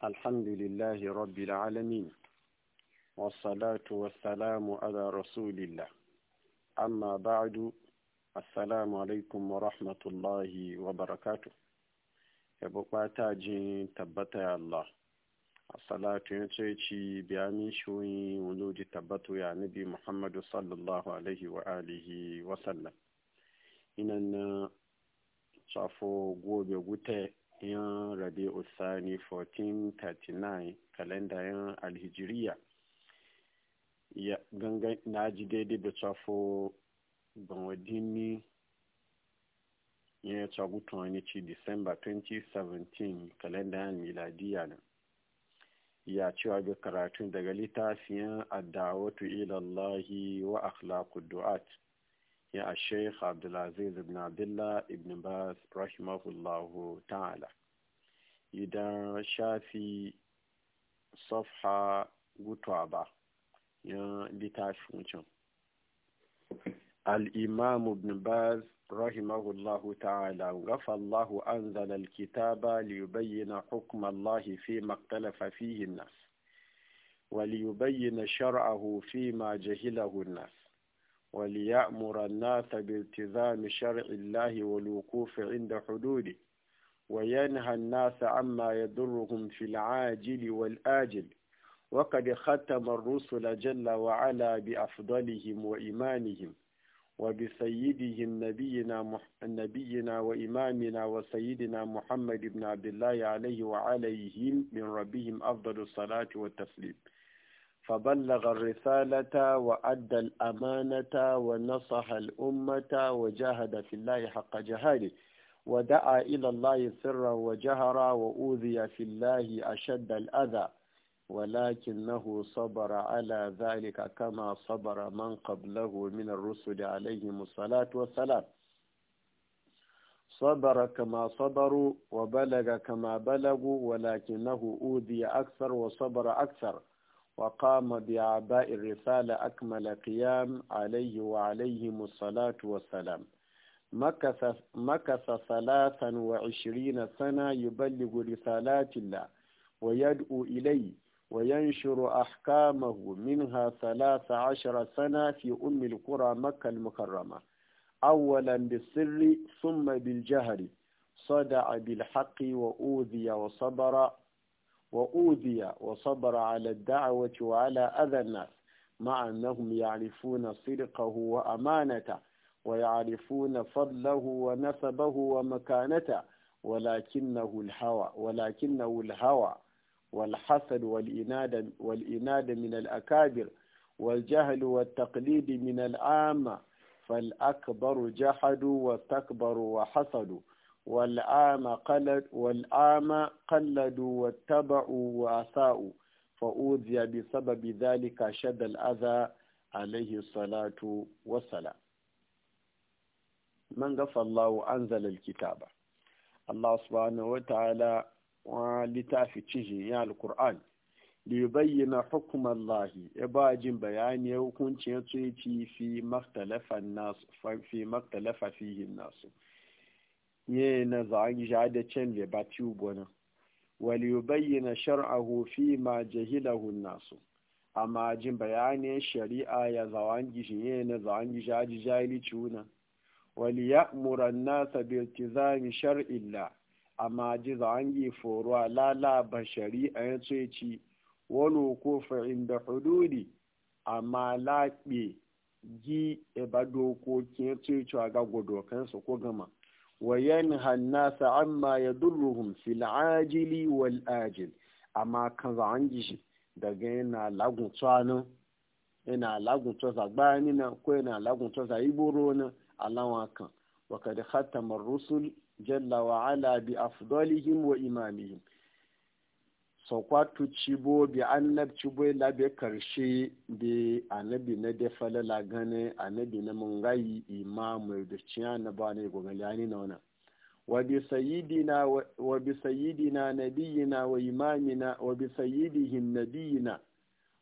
alhamdulillahi rabbil alamin wassalatu wassalamu ala rasulillah amma ba'du assalamu alaikum wa rahmatullahi wa barakatu yabo kwata jin tabbata ya Allah assalatu ya ce ci biya min shoyin wuluji tabbatu ya nabi muhammadu sallallahu Ina na alihi shafo gobe gute yan rabi sani 1439 kalenda yan alhijiriya gangan na ji daidai da tsafo ban wadini ya tsagutu wani ci december 2017 kalenda yan miladiya na ya cewa ga karatun daga littafin adawatu ilallahi wa akhlaqud du'at يا الشيخ عبد العزيز بن عبد الله بن باز رحمه الله تعالى إذا شافي صفحة قطعبة يا لتعرف الإمام ابن باز رحمه الله تعالى غفى الله أنزل الكتاب ليبين حكم الله فيما اختلف فيه الناس وليبين شرعه فيما جهله الناس وليأمر الناس بالتزام شرع الله والوقوف عند حدوده وينهى الناس عما يضرهم في العاجل والآجل وقد ختم الرسل جل وعلا بأفضلهم وإيمانهم وبسيدهم نبينا مح... نبينا وإمامنا وسيدنا محمد بن عبد الله عليه وعليهم من ربهم أفضل الصلاة والتسليم فبلغ الرسالة وأدى الأمانة ونصح الأمة وجاهد في الله حق جهاده ودعا إلى الله سرا وجهرا وأوذي في الله أشد الأذى ولكنه صبر على ذلك كما صبر من قبله من الرسل عليهم الصلاة والسلام صبر كما صبروا وبلغ كما بلغوا ولكنه أوذي أكثر وصبر أكثر وقام بأعباء الرسالة أكمل قيام عليه وعليهم الصلاة والسلام مكث, مكث ثلاثا وعشرين سنة يبلغ رسالات الله ويدعو إليه وينشر أحكامه منها ثلاث عشر سنة في أم القرى مكة المكرمة أولا بالسر ثم بالجهر صدع بالحق وأوذي وصبر وأوذي وصبر على الدعوة وعلى أذى الناس مع أنهم يعرفون صدقه وأمانته ويعرفون فضله ونسبه ومكانته ولكنه الهوى ولكنه الهوى والحسد والإناد والإناد من الأكابر والجهل والتقليد من العامة فالأكبر جحدوا واستكبروا وحسدوا wal'ama kalladu wattaba'u wasa'u fa'uziya bi sababi zalika shaddal aza alaihi salatu wasala man gafa Allah anzal alkitaba Allah subhanahu wa ta'ala wa litafi cije ya alkur'an liyubayyana hukuman Allah ya ba jin bayani hukuncin ya tsoyi fi maktalafa nasu ye na zagi ja da can le ba ci gona wal yubayyana shar'ahu fi ma jahilahu nasu amma jin bayanin shari'a ya zawangi shi ye na zawangi ja ji jahili ciuna wal ya'muru an-nasa bi shar illa amma ji zawangi foro lala ba shari'a ya ce ci wani kofa inda hududi amma laɓe gi e ba dokokin ya ci a ga godokansu ko gama وينهى الناس عما يضرهم في العاجل والآجل أما كان زعنجي دغينا لاغون تسانو ina lagun to zagbani na ko ina lagun to zaiburo na alawa kan wa kad khatama rusul jalla ala bi afdalihim wa imamihim sokwatu cibo bi annab cibo labe karshe bi annabi na da falala gane annabi na mungayi imamu da ciya na ba ne gogali ani na wannan wa bi sayyidina wa bi sayyidina nabiyina wa imamina wa bi sayyidihim nabiyina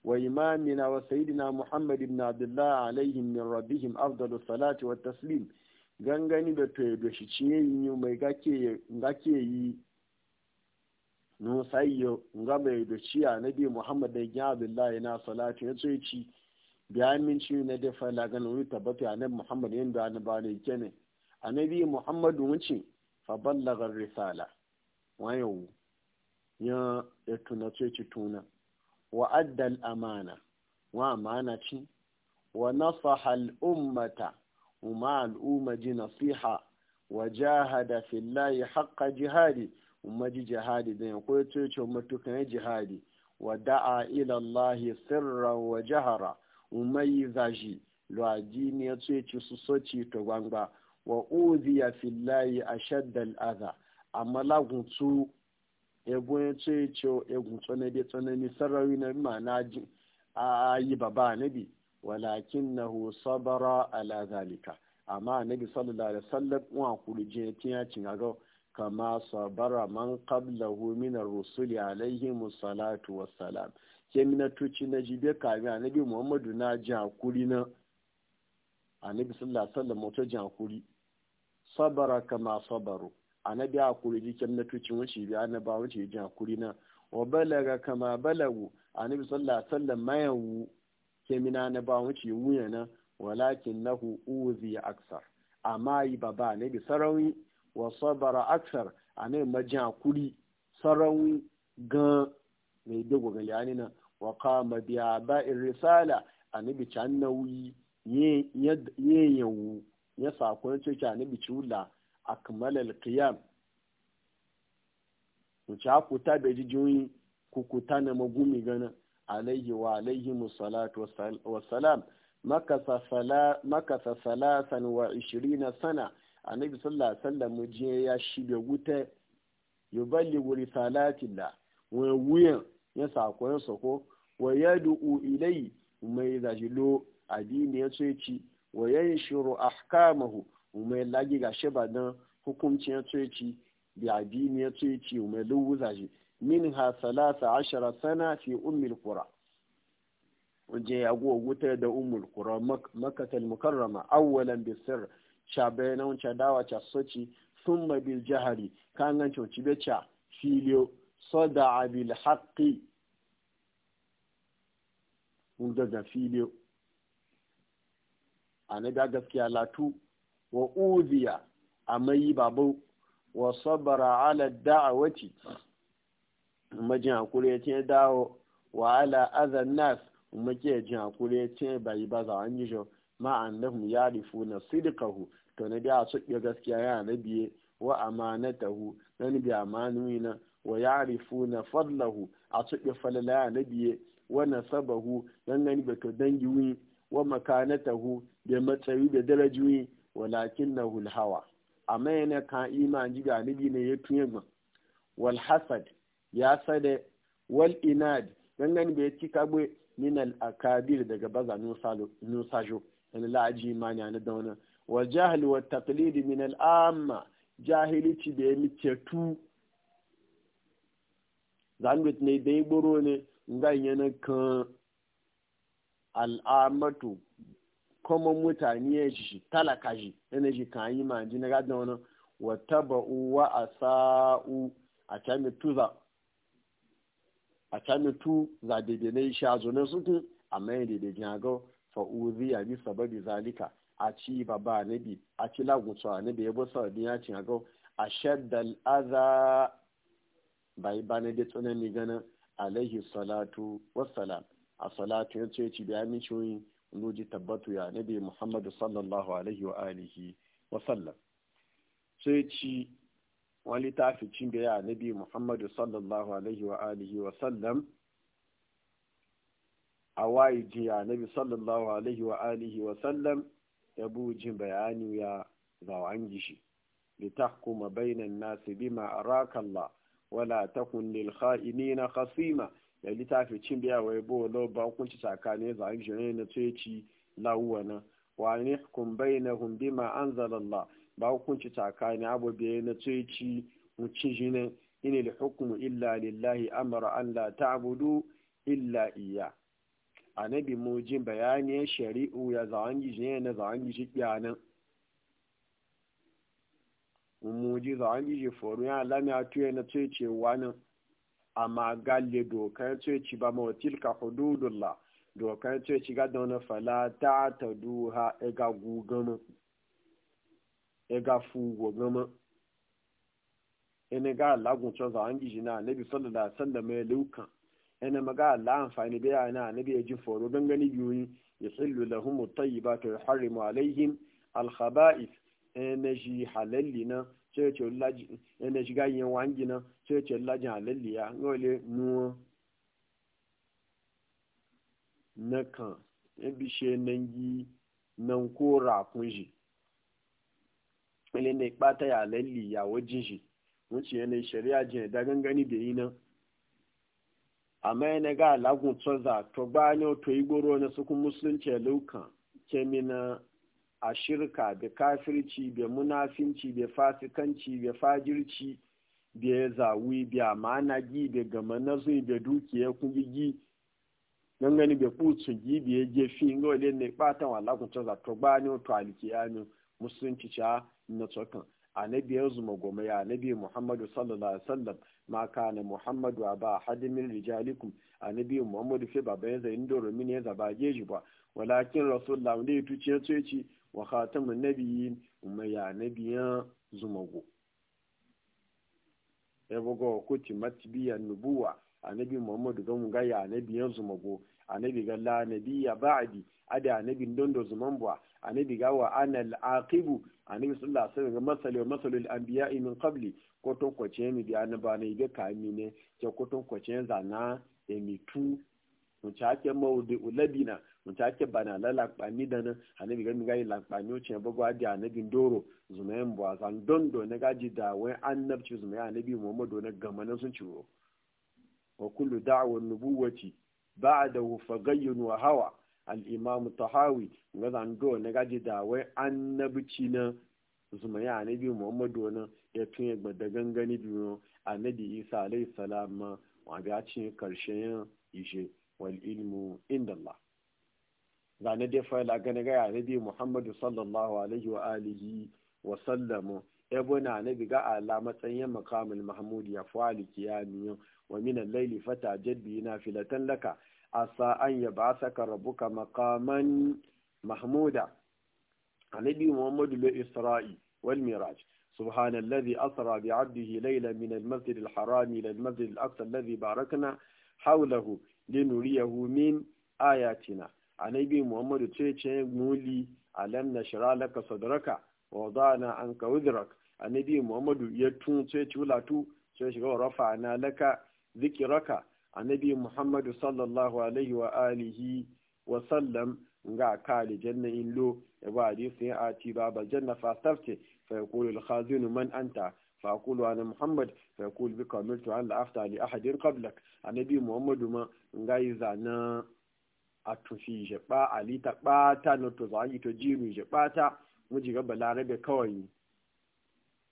wa imamina wa sayyidina muhammad ibn abdullah alayhi min rabbihim afdalus salati wat taslim gangani da to da shi ciye yin mai gake gake yi no sayyo nga mai dociya na bi muhammad da gina abdullahi na salatu ya tsoye ci biya min ci na dafa lagan wani tabbata a nan muhammad yin da na bane ne. a na bi muhammadu wuce fa ballagar risala wayo ya ya tuna tsoye ci tuna wa addal amana wa amana ci wa nasaha al'ummata umma al'umma ji nasiha wa jahada fillahi haqqa jihadi umaji jihadi da ya koyi tuce matukan jihadi wa da'a ila Allah sirran wa jahara umayi zaji lwaji ne ya tuce su soci to gwangba wa uziya fillahi ashadda al'adha amma lagun tu egun ya tuce egun tsanani tsanani sarrawi na ma'ana a yi baba nabi walakin na sabara ala zalika amma nabi sallallahu alaihi wasallam wa kulje tiya cin agaw kama sabara man qablahu min ar-rusuli alayhi musallatu wassalam ke mina tuci na jibe kami annabi muhammadu na jakuri na annabi sallallahu alaihi wasallam to jakuri sabara kama sabaru annabi akuri na tuci wuce bi annaba wuce jakuri na wa balaga kama balagu annabi sallallahu alaihi wasallam mayawu ke mina na ba wuce wuya na walakin nahu uzi aksar amma yi baba annabi sarawi wa sabara aksar a ne majiya sarau gan mai dogo ga yani na wa kama biya ba'in risala a ne bici an ye yawu ya sakon cikin a ne bici wula a kamalar kiyam wuce hakuta kuta ji jiyoyi kukuta na magumi gana alayhi wa alayhi musalatu wasalam makasa salasan wa ishirina sana annabi sallallahu alaihi wasallam je ya shiga wuta yuballighu risalatillah wa wuyan ya sako ya sako wa yad'u ilai mai zajilo addini ya tsoci wa yanshuru ahkamahu mai lagi ga sheba dan hukumci ya tsoci bi addini ya tsoci mai min shi salata ashara sana fi ummil qura wajen ya go wuta da ummul qura makkatul mukarrama awwalan bisirr shabe na wancan dawa cha sochi sun bil jihari kan gan coci be ca filiyo soda abil haƙi daga filiyo a na ga gaskiya latu wa uziya a mai babu wa sabara ala da'awati majin hakuri ya ce dawo wa ala azan nas muke jin hakuri ya ce bai ba za an yi shi ma annahum yarifuna sidqahu to na biya su ke gaskiya ya nabiye wa amanatahu na nabi amanuna wa yarifuna fadlahu a su ke falala ya nabiye wa nasabahu nan nan ba to dangi wi wa makanatahu da matsayi da darajuyi walakinahu alhawa amma yana ka iman ji ga nabi ne ya tuye ma wal hasad ya sade wal inad nan ba ya ci gbe min al akabir daga baza nusa nusa wani la'aji imani a da wani wa jahili wa taklidi min al'amma jahilici da ya mice tu zanwit ne da ya boro ne ganye na kan al'amatu kuma mutane shi talaka shi yana shi kan yi ma ji na gadon wani wa uwa wa sa'u a cami tuza a cami tu za daidai na a zo na suku amma yi daidai jin agawa fa'uziya bi sababi zalika a ci baba nabi a ci lagunsu a nabi ya bu sababi ya ci hagau a shaddal aza bai ba na dai tsanani ganin alaihi salatu wassalam a salatu ya ce ci biya min shoyi nuji tabbatu ya nabi muhammadu sallallahu alaihi wa alihi wasallam sai ci wani tafi cin da ya nabi muhammadu sallallahu alaihi wa alihi wasallam a wayi jiya nabi sallallahu alaihi wa alihi wa sallam ya buji bayani ya zawan gishi litahkuma bainan nasi bima araka wala takun lil kha'inina khasima ya litafi cin biya wai bo lo ba kunci sakane zawan gishi ne tsoci lawwana wa nihkum bainahum bima anzala ba hukunci tsakani abu biye na tsoci mucin jinin inil hukmu illa lillahi amara an la ta'budu illa iya annabi mujin bayanin shari'u ya zangi je na zangi shi kyanan muji zangi je foru ya lami atuye na ce wani amma galle dokar ce ba mawatil ka hududullah dokar ce ga da wani fala ta ta duha ega gugama ega fugo gama ina e e ga lagun cewa zangi na annabi sallallahu alaihi wasallam ya lukan ina maga Allah amfani da yana annabi ya ji foro don gani biyu ya tsillu lahum at-tayyibat wa yuharrimu alaihim al-khaba'ith ina ji halalli na sai ce laji ina ji gayin wangi na sai lajin laji halalli ya ngole nuwa na kan ya e bishe nan yi nan ko rakun shi ilin da ya ɓata ya halalli ya wajen shi wuce yanayi shari'a jin da gangani da yi nan amma yana ga alagun tsoza to bayan to igoro na suku musulunci ke mina a shirka da kafirci da munafinci da fasikanci da fajirci da ya zawi da managi da gama na zai da dukiya don gani da kutsu gi da ya gefi inga wale ne wa alagun tsoza to bayan to alkiyami musulunci ca na tsokan na biyar zuma goma ya biyar muhammadu sallallahu alaihi wasallam ma kana muhammadu ba hadin min rijalikum a annabi muhammadu fe baba yanzu indo yanzu ba zaba geji ba walakin rasulullah ne tuce ya ci wa khatamun nabiyyin nabiyan zumago ya bugo kuti matbiya nubuwa annabi muhammadu ga mun ga ya annabiyan zumago annabi ga la nabiyya ba'di ada annabin dondo zumanbuwa annabi ga wa ana a aqibu annabi sallallahu alaihi wasallam masalul anbiya'i min qabli koton kwace mi biya na ba na ga ka ne ke koton kwace za na emi tu mu ta ke maudi ulabina mu ta ke bana la lankpani da nan anabi ga mi ga lankpani o chen da di bin doro zumayen don zan dondo ga ji da wai annabci zumayen anabi muhammadu na manan sun ciwo wa kullu da'wa nubuwati ba'dahu fagayyun wa hawa al-imam tahawi ga zan do ga ji da wai annabci na zumayen anabi muhammadu na ya tun ya gbada gangani biyu annabi isa alayhi salam wa ga cin karshen ishe wal ilmu inda Allah ga na dai fa'ila a na ga annabi Muhammadu sallallahu alaihi wa alihi wa sallamu ebona annabi ga ala matsayin makamul mahmud ya fa'ali kiyamiyo wa min al-layli fata na nafilatan laka asa an yab'athaka rabbuka maqaman mahmuda annabi Muhammadu lo Isra'i wal miraj سبحان الذي أسرى بعبده ليلا من المسجد الحرام إلى المسجد الأقصى الذي باركنا حوله لنريه من آياتنا anabi muhammadu ce ce muli alam na shira laka sadraka wa an ka wudrak anabi muhammadu ya tun ce ci wulatu ce shiga wa rafa na laka zikiraka anabi muhammadu sallallahu alaihi wa wa sallam nga ka aljanna in lo ya ba hadisi ya ati ba ba janna fa فيقول الخازن من أنت فأقول أنا محمد فيقول بك أمرت أن لا أفتى لأحد قبلك النبي محمد ما غايزا نا atufi je ba alita na to zagi to jiru je ga balarabe kawai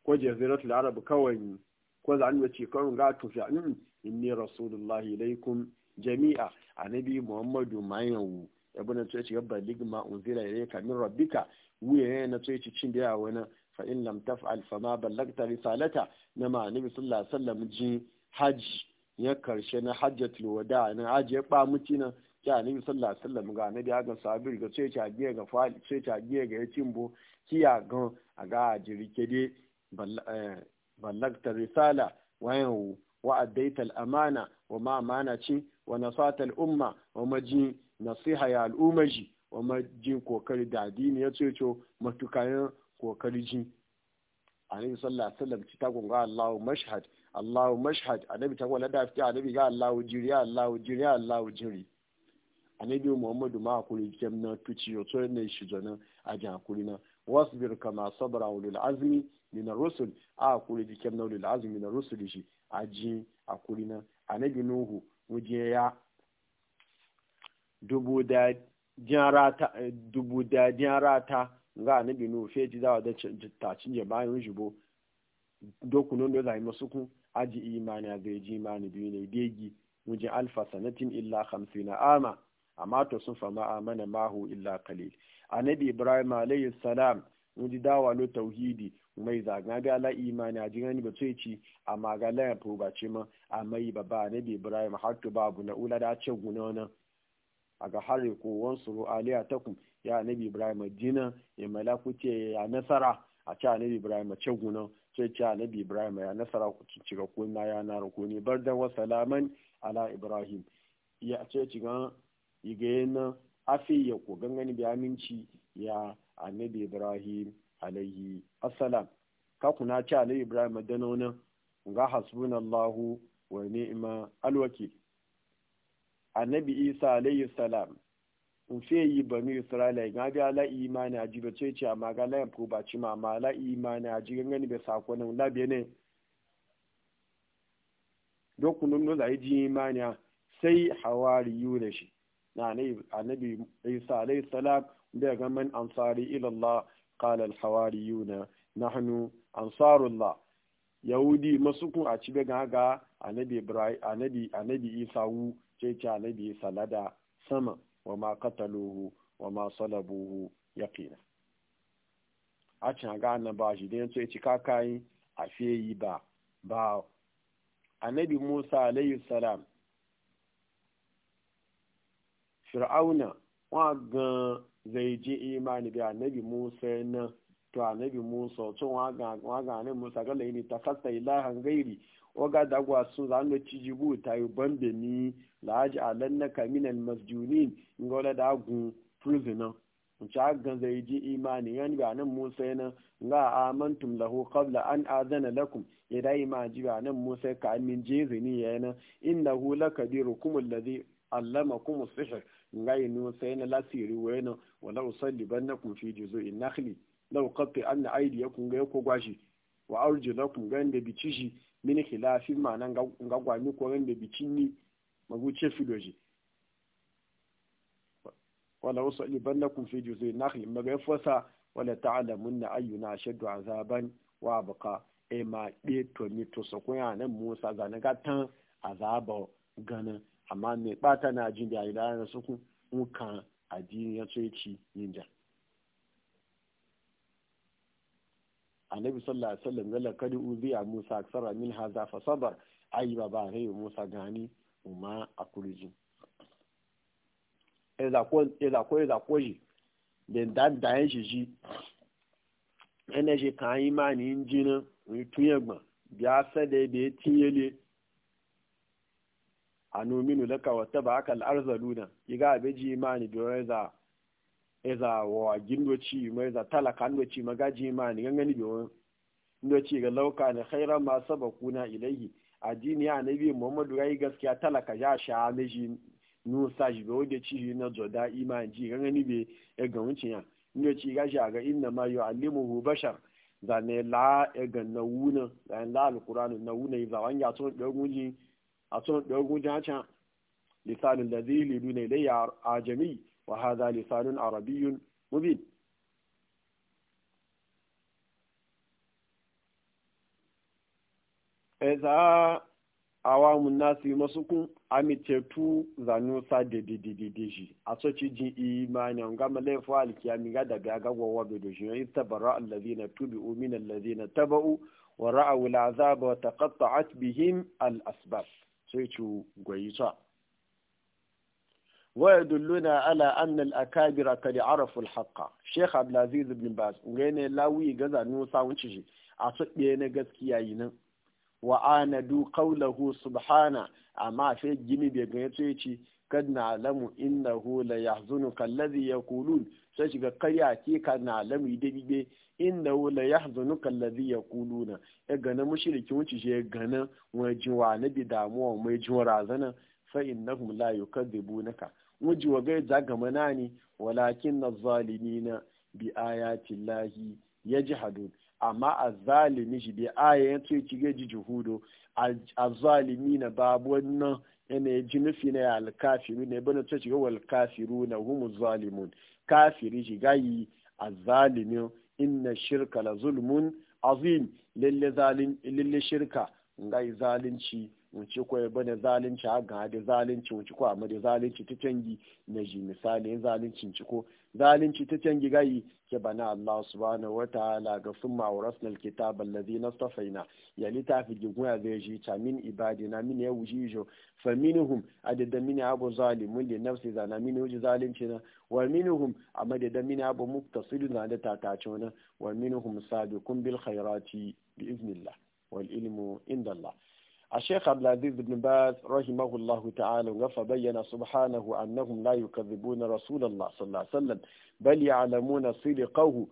ko jaziratul arab kawai ko za an ce kawai ga atufi in inni rasulullahi ilaikum jami'a annabi muhammadu mayawu ibn tsaye ci ga baligma unzila ilayka min rabbika wuya na tsaye ci cin da wani fa in lam taf'al fa ma ballagta risalata na ma annabi sallallahu alaihi wasallam ji hajji ya karshe na hajjatul wada na aje ba muci na ya annabi sallallahu alaihi wasallam ga annabi ga sabir ga sai ta giye ga fali sai ta giye ga yatimbo kiya gan aga ajiri ballagta risala wayan wa addaita al-amana wa ma amana ci wa nasata al-umma wa maji nasiha ya al-umaji wa maji kokari da addini ya ce matukayen kokari ji annabi sallallahu alaihi wasallam ci tagun ga Allahu mashhad Allahu mashhad annabi tagun la dafi annabi ga Allahu jiri Allahu jiri Allahu jiri annabi Muhammadu ma hakuri kem na tuci yo to ne shi jana ja hakuri na wasbir kama sabra ulul azmi min ar-rusul a hakuri ji kem na ulul azmi min ar-rusul shi a hakuri na annabi Nuhu wuje ya dubu da jin ta. dubu da jin nga anabi binu fe ji da da ta cinje yin jibo dokunan da zai masu aji imani a zai ji imani biyu ne degi wajen alfa sanatin illa hamsin ama amma to sun fama amana mahu illa kalil anabi ibrahim alayhi salam wajen dawa lo tauhidi mai zaga ga ala imani a jiran ba ce ci a la ya ce ma a mai baba anabi ibrahim har to babu na ula da ce gunona aga a ko wansuru aliya takum ya anabi ibrahim dina ya malaku ce ya nasara a ce anabi ibrahim ce guna sai ce anabi ibrahim ya nasara ku ko kuna ya na ruku ne bar da wa salaman ala ibrahim ya ce ciga igaye na afi ya ku gangani bi aminci ya anabi ibrahim alaihi assalam ka kuna ce annabi ibrahim danonin ga hasbunallahu wa ni'ma alwaki annabi isa alayhi salam nfe yi banu israila ga bi ala imani aji be ce ce amma ga layan ko ba ci ma amma ala imani aji gangani be sako nan la be ne dokun nun da ji imani sai hawari yu shi na annabi isa alayhi salam da ga man ansari ila allah qala al hawariyuna nahnu ansarullah yahudi masu kun a cibe ga ga annabi ibrahim annabi annabi isa wu ce ce annabi isa lada sama wa ma qataluhu wa ma salabuhu yaqina a cin ga ba shi da yanzu ya ci kakayi a fiye yi ba ba annabi Musa alayhi salam Fir'auna wa ga zai ji imani bi annabi Musa na to annabi Musa to wa ga annabi Musa ga laini takasta ilahan gairi wa ga dagwa sun zanu ciji gu ta yi bambe ni laji alanna kaminal masjunin ngole da gun prisoner ci gan zai ji imani yan ga nan musa yana ga amantum lahu qabla an azana lakum ida ima ji ga nan musa ka min jezini yana innahu lakabirukum alladhi allamakum sihr nga yin musa na lasiri wayna wala usallibannakum fi juzu'i nakhli law qatta an aydiyakum ga yako gwashi wa arjulakum ga inda bicishi min khilafin ma nan ga gwani ko inda bicini maguce fidoji wala wasu ibannakum fi juzui nakhli maga fasa wala ta'lamunna ayyuna ashaddu azaban wa abqa e ma be to ni to so kun nan Musa ga na gatan azaba gana amma me bata na jin da ila na suku mukan addini ya ce ci yinja annabi sallallahu alaihi wasallam ya uzi a Musa aksara min haza fa sabar ayi baba Musa gani umma akulijin ezakwo ezakwo yi da dandayen shi shi yana shi ka yi ma ni injinin tunye gba biya sada da ya tinye le a nominu laka wata ba aka al'arzaluna yi ga abe ji ma ni biyo eza eza wa gindoci ma eza talaka ndoci ma ga ji ma ni gangani biyo ndoci ga lauka ne khairan ma sabakuna ilaihi addini ya nabi muhammadu yi gaskiya talaka ya sha meji nusa shi bai wadda ci na zoda iman ji gani bai e ya ga wuce ya inda ci gashi a ga inna ma yi alimuhu bashar da ne la ya e ga na wuna da ya la alkuranu na wuna yi zawan ya tsohon ɗagunji a tsohon ɗagunji a can lisanin da zai lilu ne dai a jami wa haza lisanin arabiyun mubin إذا awamun nasu yi masu kun amintattu zanu sa da didididi shi a soci jin imanin gama laifuwa alkiyami ga daga ya gagwawa bai da shi yayin tabara allazi na tubi umin allazi na taba'u wa ra'awu la'azaba wa taqatta'at bihim al sai ci gwayi sa wa yadulluna ala anna akabira kad arafu al-haqqa sheikh abdulaziz ibn bas ngene lawi ga zanu sa wuce a soɗe na gaskiya yi nan wa anadu qawlahu subhana amma fe gimi be ga yace ce kad na alamu innahu la yahzunuka alladhi yaqulun sai shiga karya ke ka na alamu ide bibe innahu la yahzunuka alladhi yaquluna ya gana mushriki wuci je gana waji wa na bi damuwa mai jin razana fa innahum la yukadhibunaka wuji wa zagama na manani walakin na zalimina bi ayati llahi yajhadun amma zalimi shi bai aya ya ce ci gaji juhudo zalimi na babu wannan yana ji nufi na alkafiru ne bana ta shiga wal kafiru na humu zalimun kafiri shi gayi zalimi inna shirka la zulmun azim lalle shirka gai zalunci wuce ko bane zalunci a ga da zalunci wuce ko amma da zalunci ta cangi na ji misali zalunci ci ko zalunci ta cangi gayi ke bana Allah subhanahu wataala ga summa awrasna alkitab alladhi nastafaina ya litafi gigunya zai ji ta min ibadina min ya wuji jo fa minhum adada min abu zalimun li nafsi zana min wuji zalunci na wa minhum amma da min abu na da tatacho na wa minhum sabiqun bil khairati bi iznillah wal ilmu inda A عبد العزيز بن باز رحمه الله تعالى فبين سبحانه أنهم لا يكذبون رسول الله صلى الله عليه وسلم بل يعلمون صدقه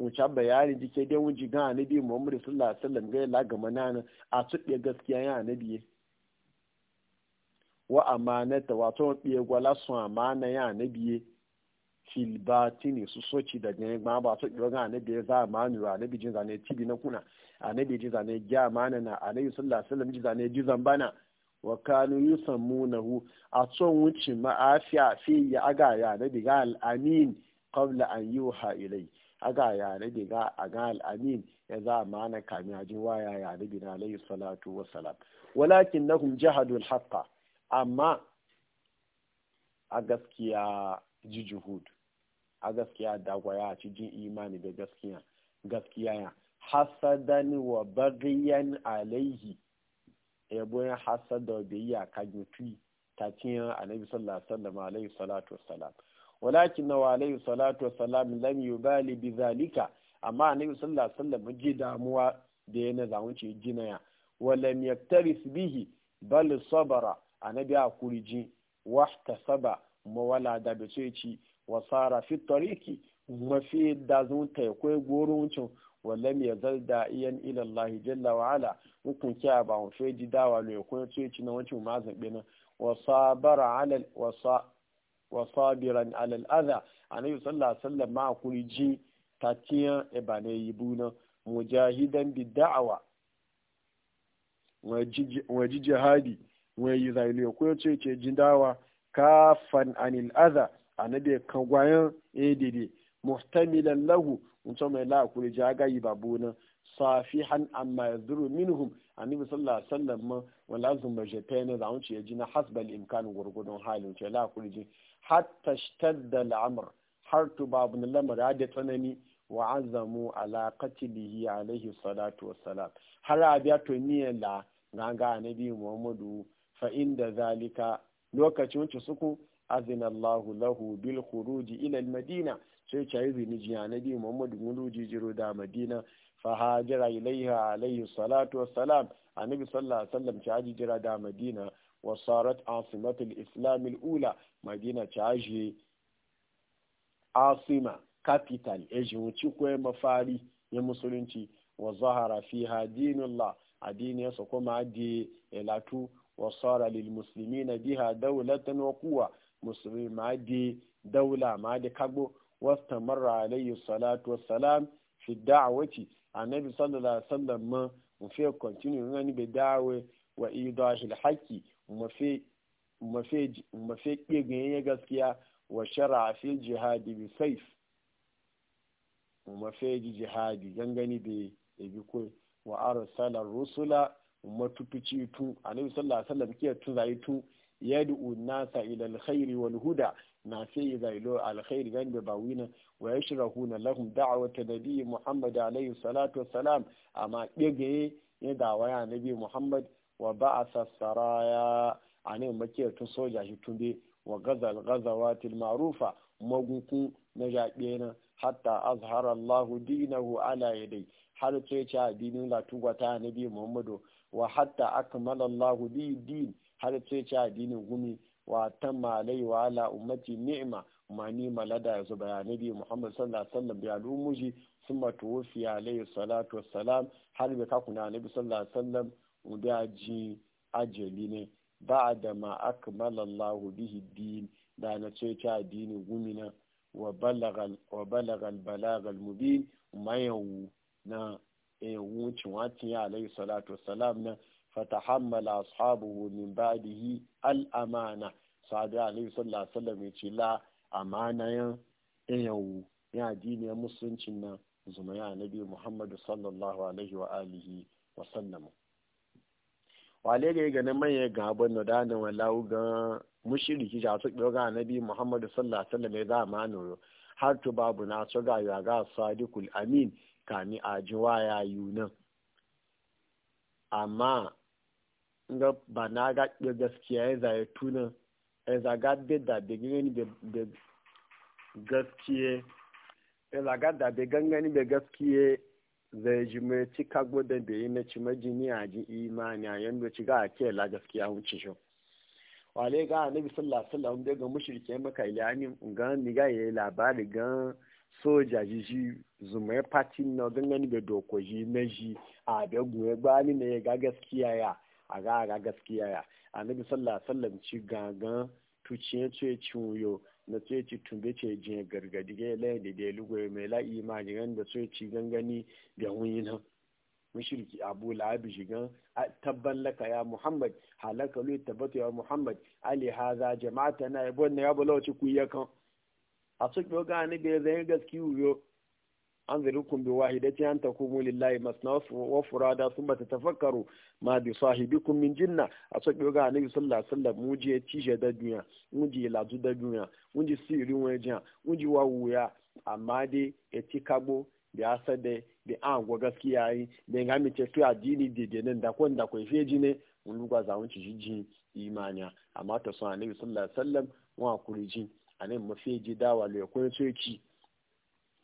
wuce bayani da ke dai wuce ga anabi Muhammad sallallahu alaihi wasallam ga la gama nan a tsuɗe gaskiya ya anabi wa amanata wato ɗiye gwala su amana ya anabi fil su soci daga ba ba tsuɗe ga anabi za amanu anabi jin zane tibi na kuna annabi ji zane ja mana na annabi sallallahu alaihi wasallam ji zane ji bana wa kanu yusammunahu a son wuce ma'afiya fi ya aga ya annabi ga al-amin qabla an yuha ilai aga ya annabi ga aga al-amin ya za mana kami aji waya ya annabi na alaihi salatu wassalam walakinnahum jahadu al-haqqa amma a gaskiya ji a gaskiya dagwaya a cikin imani da gaskiya gaskiya ya hasadan wa bagiyan alaihi ya ya hasada da yi a kajutu ta cikin annabi sallallahu alaihi alaihi salatu wassalam walakin na wa alaihi salatu wassalam lam yubali bi zalika amma annabi sallallahu alaihi ji damuwa da yana zamu ce jinaya wa lam yaktaris bihi bal sabara anabi a kurji wa saba mawala da bace ci wa sara fi tariki mafi da zun ta kai goruncin wallam ya zal da'iyan ila Allah jalla wa ala hukun kiya ba mu fe ji dawa lo ko ce ci na wancin ma zabe na wa sabara ala wa sabiran ala al-adha annabi sallallahu alaihi wasallam ma kuri ji tatiya e ba ne yibuna mujahidan bi da'awa wa ji jihadi wa yi zaile ko ce ce ji dawa kafan anil adha annabi kan gwayan edede eh, muhtamilan lahu mutum mai la'akuri ji aga yi babu safi han amma ya zuru minhum annabi sallallahu alaihi wasallam ma wala zumba da wuce ya ji na hasbal imkanin gurgudun halin ce la'akuri ji hatta shtadda al'amr har tu babu na lamar da tsanani wa azamu ala qatlihi alaihi salatu wassalam har biya to niyan la ganga annabi muhammadu fa da zalika lokacin wuce suku azina lahu bil khuruji ila madina sai cayi bini jiya na biyu muhammadu gulu jijiro da madina hajira ilaiha alaihi salatu wassalam annabi sallallahu alaihi wasallam ta hajira da madina wa sarat asimatul islamil ula madina ta ajiye asima capital ejin wuci kwaye mafari ya musulunci wa zahara fiha dinullah addini ya ma di elatu wa sara lil muslimina biha dawlatan wa quwa musulmi ma di daula ma di kagbo wastamarra alayhi salatu wassalam fi da'wati annabi sallallahu alaihi wasallam ma mu fi continue ngani be dawe wa idahi alhaqi mu fi mu fi mu fi gaskiya wa shar'a jihadi bi sayf mu fi jihadi gangani be ebi ko wa arsala rusula matutuci tu annabi sallallahu alaihi wasallam ke tun zai tu yad'u nasa ila alkhairi wal huda na sai ya zailo alkhairi gan da bawina wa ya na lahum da'awata nabi muhammad alayhi salatu wassalam amma ɗagaye ya dawaya nabi muhammad wa ba'asa saraya a nan makiyar soja shi tumbe wa gazal gazawatil ma'rufa magunkun na jabe na hatta azhara allahu dinahu ala yadai har sai ci addinin latugwata nabi muhammad wa hatta akmala allahu din har sai ci addinin gumi wa tamma alai wa ala ummati ni'ma ma ni malada yazo bayani bi muhammad sallallahu alaihi wasallam bi alumuji summa tuwfi alaihi salatu wassalam har bi ka kuna nabi sallallahu alaihi wasallam udaji ajali ne ba'da ma akmala allah bihi din da na ce ta dini gumina wa balagal wa balaga al mubin mayawu na e wucin wati alaihi salatu wassalam na فتحمل أصحابه من بعده الأمانة صلى الله عليه وسلم لا أمانة يو يا دين يا مسلمين يا نبي محمد صلى الله عليه وآله وسلم wale ga ganin manyan gaban da dana ga mushriki ja su ga annabi Muhammad sallallahu alaihi wasallam har to babu na so ga ya ga sadiqul amin kani ajiwa ya yunan amma nga ba na ga ɗaya gaskiya ya zaya tuna ya zaga da da gani da gaskiya ya zaga da da gangani da gaskiya zai ji mai ci gudun da yi na ci majini a ji imani a yan ci ga a ke la gaskiya hunci shi wale ga annabi sallallahu alaihi wasallam ga mushrike maka ilani ga ni ga yayi labari ga soja ji ji ya pati na gangani da dokoji na ji a da guye gbani ne ga gaskiya ya a ga ga gaskiya ya annabi sallallahu alaihi ci gangan tuciye ce wuyo na ce ci tumbe ce jin gargadi ga lai da da lugo mai la imani ran da so ci gangani da hunyi nan mushriki abu labi shigan tabban laka ya muhammad halaka lu tabbata ya muhammad ali haza jama'ata na ibon ya bulawa ci kuyakan a su ga ni ga zai gaskiya yo an zirikun bi an takumu lillahi masna wa furada sun bata tafakkaru ma bi sahibikum min jinna a soke ga annabi sallallahu alaihi wasallam muje cije da duniya muje laju da duniya muje siri wajen muje wuya amma dai eti kagbo bi asade bi an gaskiya yi da ga mi adini addini de nan da kon da ko feji ne mun lugwa za mun ci ji amma ta sallallahu alaihi wasallam wa kuriji anan mafeji dawa le ko ci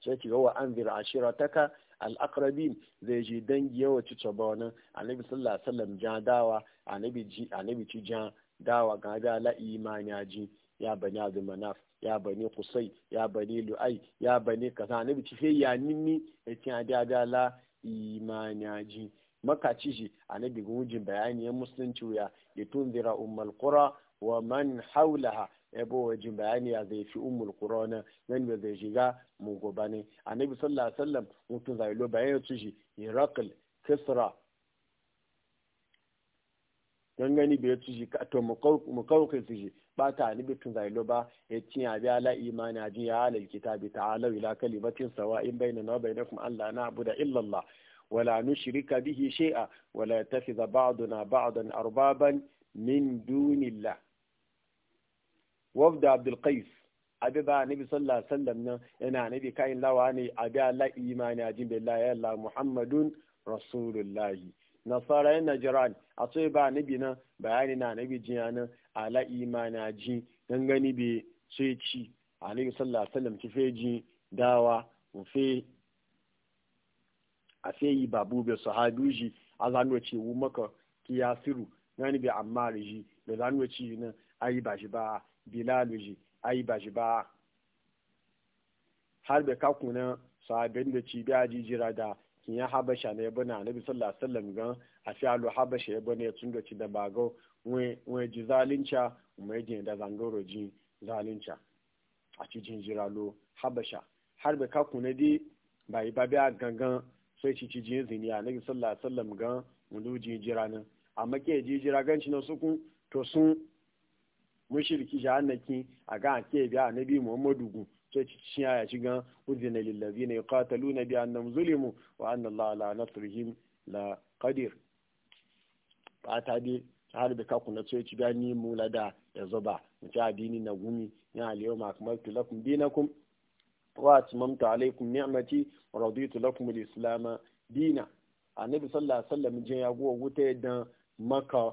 sai ki ga wa ashira ta ka al'akarabin zai je dangi yawa ci tsoba wani annabi sallallahu alaihi wasallam ja dawa annabi ci ja dawa ga da la ya ji ya bani abdul na ya bani kusai ya bani lu'ai ya bani kaza annabi ci sai ya ninni ya ci da da la ya ji makaci shi annabi gujin bayani ya musulunci wuya ya zira umar kura wa man haulaha ebo wajen bayani ya zai fi umul kurona nan ne zai shiga mu goba ne annabi sallallahu alaihi wasallam mutum zai lo bayan su shi iraqil kisra gangani bai su shi to mu kaukai su shi ba ta annabi tun zai lo ba ya ci abi ala imani aji ya ala kitabi ta'ala ila kalimatin sawa'in bainana wa bainakum alla na'budu illa allah ولا نشرك به شيئا ولا يتخذ بعضنا بعضا أربابا من دون الله wafda abdul qais abi ba nabi sallallahu alaihi wasallam nan yana nabi kayin lawa ne abi Allah imani ajin billahi ya Allah muhammadun rasulullahi nasara yana jiran a sai ba nabi nan bayani na nabi jiya nan ala imani dan gani be sai ci annabi sallallahu alaihi wasallam ci feji dawa fe a sai yi babu be sahabuji azanu ce wu maka yasiru nani be amma ji da zanu ci nan ayi ba shi ba bilaluji ai ba ji ba har da kakuna sahabin da ci biya jijira da kin ya habasha ne na annabi sallallahu alaihi wasallam gan a fi alu habasha ya bane tun da ci da bago we ji zalunca mai jin da zangoro ji zalunca a ci jinjira lo habasha har da kakuna di bai ba biya gangan sai ci ci jin a annabi sallallahu alaihi wasallam gan mu jijira nan amma ke jijira gan ci na ku to sun mushriki jahannaki a ga ke biya nabi muhammadu gun so ci ci ya shiga uzina lillazina yuqataluna bi annahum zulimu wa anna allaha la nasrihim la qadir fata dai har da ka na tsoye ci gani lada da ya zuba ci addini na gumi ya aliyu makamartu lakum dinakum wa atmamtu alaykum ni'mati wa raditu lakum al-islam dina annabi sallallahu alaihi wasallam je ya go wuta da maka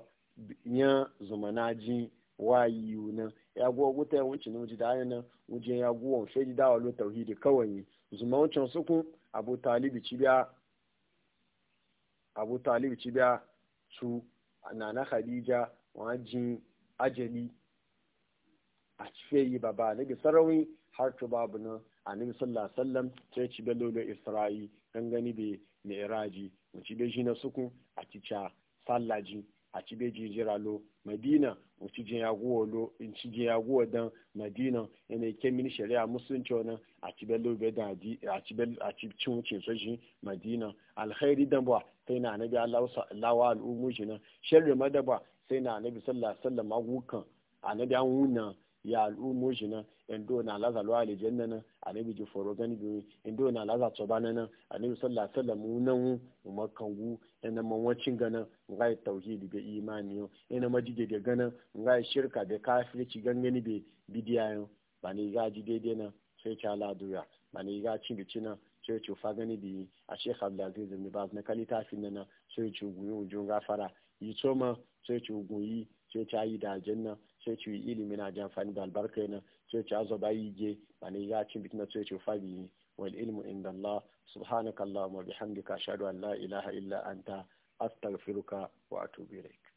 ya zumanaji wayi nan ya go guta ya wuce nuji da ayyana wuje ya go on fe da walo tauhidi kawai zuma wancan suku abu talibi cibiya abu talibi cibiya su nana khadija wajin ajali a cife yi baba nabi sarawi har to babu nan annabi sallallahu alaihi wasallam sai ci da da isra'i dan gani be mi'raji mu ci da shi na suku a cica sallaji a ci bai jijira lo madina wasu jin yaguwa lo in ci jin yaguwa dan madina yana ke mini shari'a musulunci wani a ci bai lo bai dan a ci cin wuce so madina alkhairi dan ba sai na anabi lawa al'ummu shi nan shari'a madaba sai na anabi sallallahu alaihi wasallam agukan anabi an wuna ya al'ummu shi nan indo na laza lo ale jenna na anabi ji foro gani bi indo na laza to bana na anabi sallallahu alaihi wasallam nan mu makangu ina man wacin gana ngai tauhidi be imani yo ina majije de gana ngai shirka be kafirci gangani be bidiya yo bani ga ji daidai na sai ta la duya bani ga cin bi cina sai ci fa gani bi a shekh abdulaziz bin baz na kalita fi na sai ci guyu jun gafara yi toma sai ci guyi sai ta yi da janna sai ci ilimi na jan fani da albarka na sai ce azo bayi je ne ya cin bikin sai ce fa ne wal ilmu inda Allah subhanaka Allahumma bihamdika ashhadu an la ilaha illa anta astaghfiruka wa atubu ilayk